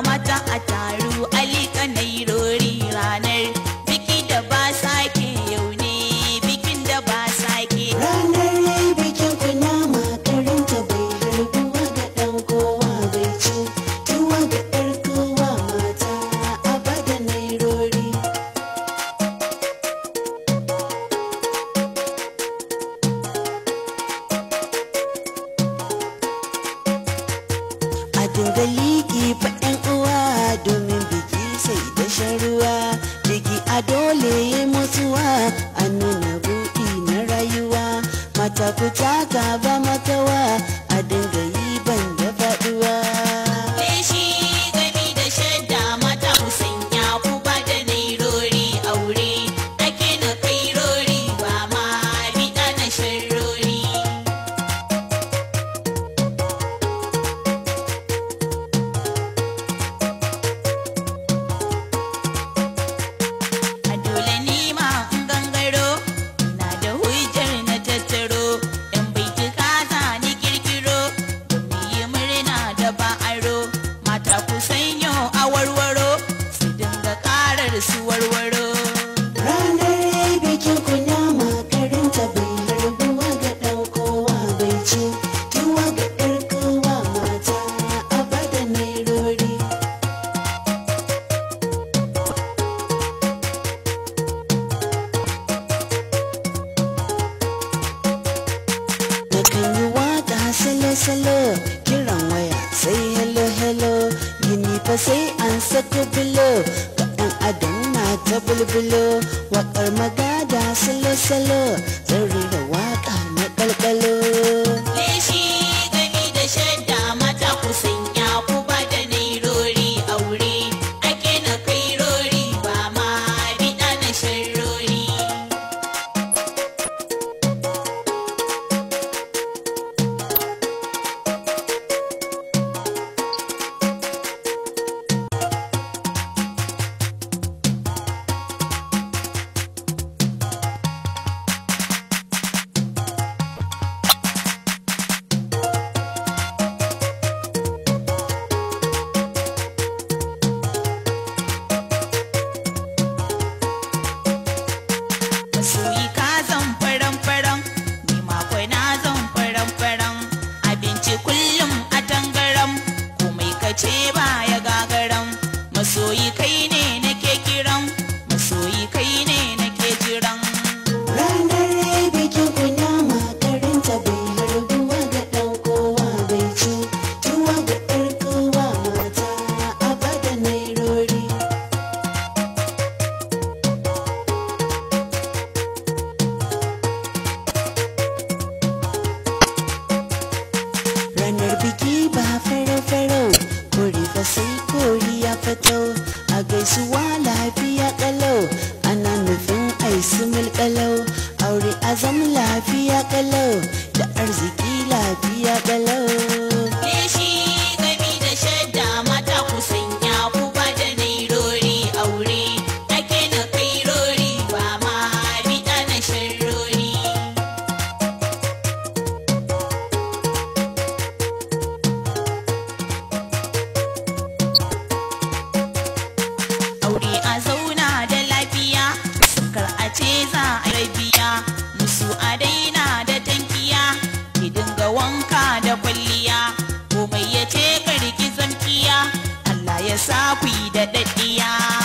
mata a taru ali kanai rori ranar biki da ba sake yau ne bikin da ba sake ranar ne bikin kunama karin ta bai harbi ga dan kowa bai ci tuwa ga yar kowa mata abada nai rori a dogali ki faɗin ruwa biki a dole ya mutuwa a nuna buɗi na salo hello hello gini fa sai an sako adam na ta bulbulo waƙar magada salo salo zan lokaci ya ga gaisuwa lafiya kalau ana nufin mil kalau aure azam lafiya kalau da arziki lafiya kalau ku da daddiya